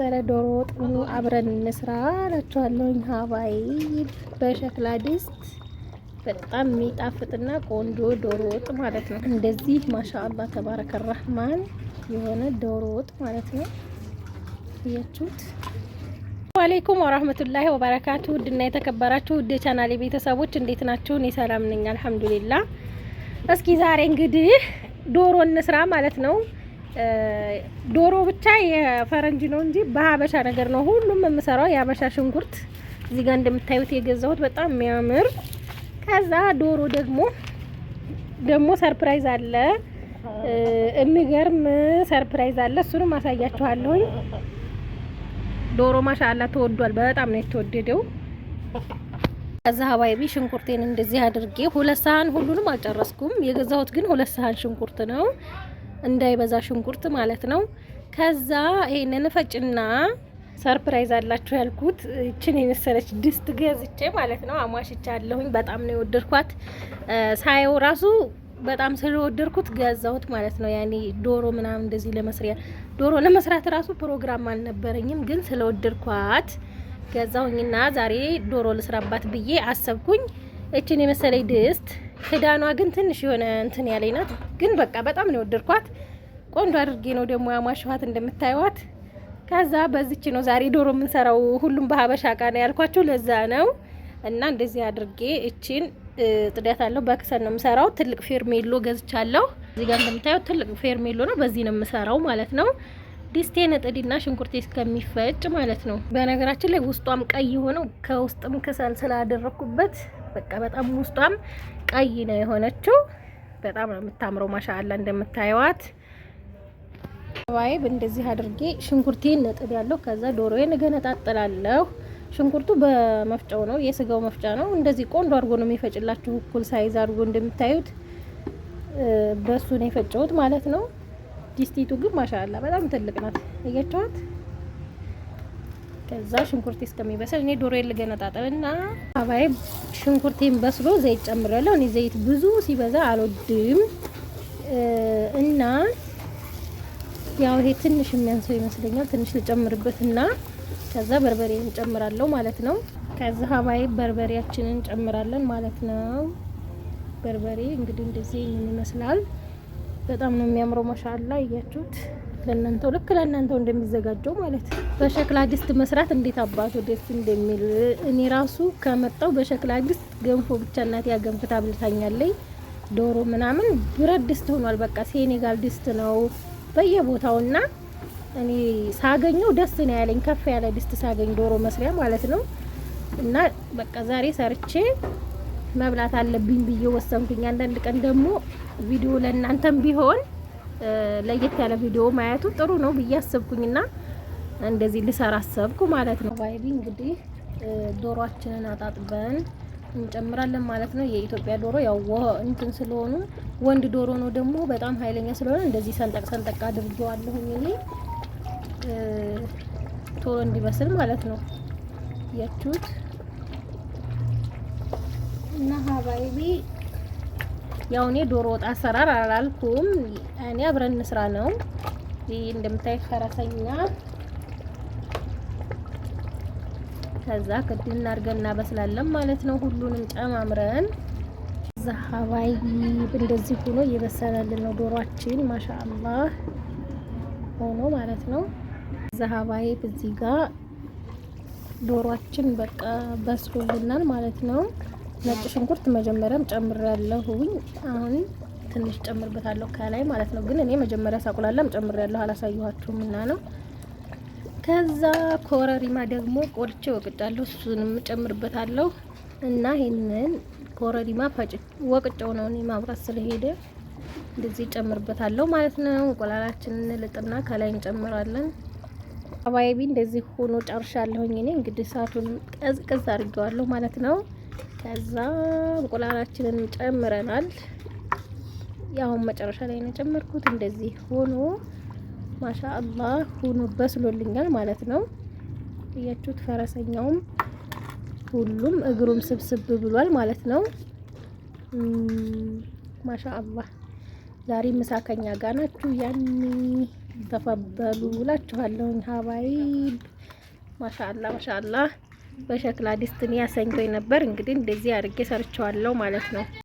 የመሰለ ዶሮ ወጥ አብረን እንስራ አላችኋለሁኝ። ሀባይ በሸክላ ድስት በጣም የሚጣፍጥና ቆንጆ ዶሮ ወጥ ማለት ነው። እንደዚህ ማሻአላ ተባረከ ራህማን የሆነ ዶሮ ወጥ ማለት ነው። እያችሁት አለይኩም ወራህመቱላሂ ወበረካቱ። ውድና የተከበራችሁ ውድ ቻናሌ ቤተሰቦች እንዴት ናችሁ? እኔ ሰላም ነኝ አልሐምዱሊላ። እስኪ ዛሬ እንግዲህ ዶሮ እንስራ ማለት ነው። ዶሮ ብቻ የፈረንጅ ነው እንጂ በሀበሻ ነገር ነው ሁሉም የምሰራው። የሀበሻ ሽንኩርት እዚህ ጋር እንደምታዩት የገዛሁት በጣም የሚያምር። ከዛ ዶሮ ደግሞ ደግሞ ሰርፕራይዝ አለ፣ የሚገርም ሰርፕራይዝ አለ። እሱንም አሳያችኋለሁኝ። ዶሮ ማሻላ ተወዷል። በጣም ነው የተወደደው። ከዛ ሀባይቢ ሽንኩርቴን እንደዚህ አድርጌ ሁለት ሳህን ሁሉንም አልጨረስኩም። የገዛሁት ግን ሁለት ሳህን ሽንኩርት ነው። እንዳይበዛ ሽንኩርት ማለት ነው። ከዛ ይሄንን ፈጭና ሰርፕራይዝ አላችሁ ያልኩት እችን የመሰለች ድስት ገዝቼ ማለት ነው አሟሽቻ አለሁኝ። በጣም ነው የወደድኳት። ሳየው ራሱ በጣም ስለወደድኩት ገዛሁት ማለት ነው። ያኔ ዶሮ ምናምን እንደዚህ ለመስሪያ ዶሮ ለመስራት ራሱ ፕሮግራም አልነበረኝም፣ ግን ስለወደድኳት ገዛሁኝና ዛሬ ዶሮ ልስራባት ብዬ አሰብኩኝ። እችን የመሰለኝ ድስት ክዳኗ ግን ትንሽ የሆነ እንትን ያለኝ ናት፣ ግን በቃ በጣም ነው የወደድኳት። ቆንጆ አድርጌ ነው ደግሞ ያሟሸኋት እንደምታዩት ከዛ በዚች ነው ዛሬ ዶሮ የምንሰራው። ሁሉም በሀበሻ እቃ ነው ያልኳችሁ ለዛ ነው። እና እንደዚህ አድርጌ እቺን ጥዳት አለው በክሰል ነው የምሰራው። ትልቅ ፌርሜሎ ገዝቻለሁ። እዚህ ጋር እንደምታዩት ትልቅ ፌርሜሎ ነው። በዚህ ነው የምሰራው ማለት ነው። ዲስቴን ሽንኩርት ሽንኩርቴ እስከሚፈጭ ማለት ነው። በነገራችን ላይ ውስጧም ቀይ የሆነው ከውስጥም ክሰል ስላደረኩበት በቃ በጣም ውስጧም ቀይ ነው የሆነችው። በጣም ነው የምታምረው ማሻአላ እንደምታየዋት ባይ እንደዚህ አድርጌ ሽንኩርቴን ነጥብ ያለው ከዛ ዶሮዬን እገነጣጥላለሁ። ሽንኩርቱ በመፍጫው ነው የስጋው መፍጫ ነው። እንደዚህ ቆንጆ አድርጎ ነው የሚፈጭላችሁ እኩል ሳይዝ አድርጎ እንደምታዩት በሱ ነው የፈጨሁት ማለት ነው። ዲስቲቱ ግን ማሻላ በጣም ትልቅ ናት እያቸዋት ከዛ ሽንኩርቴ እስከሚበስል እኔ ዶሮ ልገነጣጠልና አባይ ሽንኩርቴን በስሎ ዘይት ጨምሬያለሁ። እኔ ዘይት ብዙ ሲበዛ አልወድም እና ያው ይሄ ትንሽ የሚያንሰው ይመስለኛል። ትንሽ ልጨምርበትና ከዛ በርበሬ እንጨምራለሁ ማለት ነው። ከዛ ሀባይ በርበሬያችንን እንጨምራለን ማለት ነው። በርበሬ እንግዲህ እንደዚህ ይመስላል። በጣም ነው የሚያምረው። ማሻአላ እያችሁት ለእናንተው ልክ ለእናንተው እንደሚዘጋጀው ማለት ነው። በሸክላ ድስት መስራት እንዴት አባቱ ደስ እንደሚል እኔ ራሱ ከመጣው በሸክላ ድስት ገንፎ ብቻ እናቴ ያገንፍታ ብልታኛለኝ። ዶሮ ምናምን ብረት ድስት ሆኗል። በቃ ሴኔጋል ድስት ነው በየቦታውና እኔ ሳገኘው ደስ ነው ያለኝ። ከፍ ያለ ድስት ሳገኝ ዶሮ መስሪያ ማለት ነው። እና በቃ ዛሬ ሰርቼ መብላት አለብኝ ብዬ ወሰንኩኝ። አንዳንድ ቀን ደግሞ ቪዲዮ ለእናንተም ቢሆን ለየት ያለ ቪዲዮ ማየቱ ጥሩ ነው ብዬ አሰብኩኝና እንደዚህ ልሰራ አሰብኩ ማለት ነው። ባይቢ እንግዲህ ዶሯችንን አጣጥበን እንጨምራለን ማለት ነው። የኢትዮጵያ ዶሮ ያው እንትን ስለሆኑ ወንድ ዶሮ ነው ደግሞ በጣም ኃይለኛ ስለሆነ እንደዚህ ሰንጠቅ ሰንጠቅ አድርጌዋለሁኝ እኔ ቶሎ እንዲበስል ማለት ነው። ያችሁት እና ሀባይቢ ያው እኔ ዶሮ ወጥ አሰራር አላልኩም። እኔ አብረን እንስራ ነው ይህ እንደምታይ ፈረሰኛ ከዛ ክድ እናድርገን እናበስላለን ማለት ነው። ሁሉንም ጨማምረን እዛ ሀዋይ እንደዚህ ሆኖ እየበሰለልን ነው ዶሯችን። ማሻአላ ሆኖ ማለት ነው። እዛ ሀዋይ እዚህ ጋር ዶሯችን በቃ በስሎልናል ማለት ነው። ነጭ ሽንኩርት መጀመሪያም ጨምሬያለሁኝ። አሁን ትንሽ ጨምርበታለሁ ከላይ ማለት ነው። ግን እኔ መጀመሪያ ሳቁላላም ጨምሬያለሁ አላሳየኋችሁም እና ነው ከዛ ኮረሪማ ደግሞ ቆልቼ ወቅጫለሁ። እሱንም ጨምርበታለሁ እና ይህንን ኮረሪማ ወቅጨው ነው እኔ ማብራት ስለሄደ እንደዚህ ጨምርበታለሁ ማለት ነው። እንቁላላችንን ልጥና ከላይ እንጨምራለን። አባይቢ እንደዚህ ሆኖ ጨርሻለሁኝ። እኔ እንግዲህ እሳቱን ቀዝቀዝ አድርጌዋለሁ ማለት ነው። ከዛ እንቁላላችንን ጨምረናል። ያሁን መጨረሻ ላይ ነው ጨመርኩት። እንደዚህ ሆኖ ማሻ አላህ ሁኖ በስሎልኛል ማለት ነው። እያችሁት ፈረሰኛውም ሁሉም እግሩም ስብስብ ብሏል ማለት ነው። ማሻ አላህ ዛሬ ምሳ ከኛ ጋር ናችሁ። ያኔ ተፈበሉ እላችኋለሁኝ ሀባይብ ማሻአላ ማሻአላ በሸክላ ድስት ያሰኝቶኝ ነበር። እንግዲህ እንደዚህ አድርጌ ሰርቸዋለሁ ማለት ነው።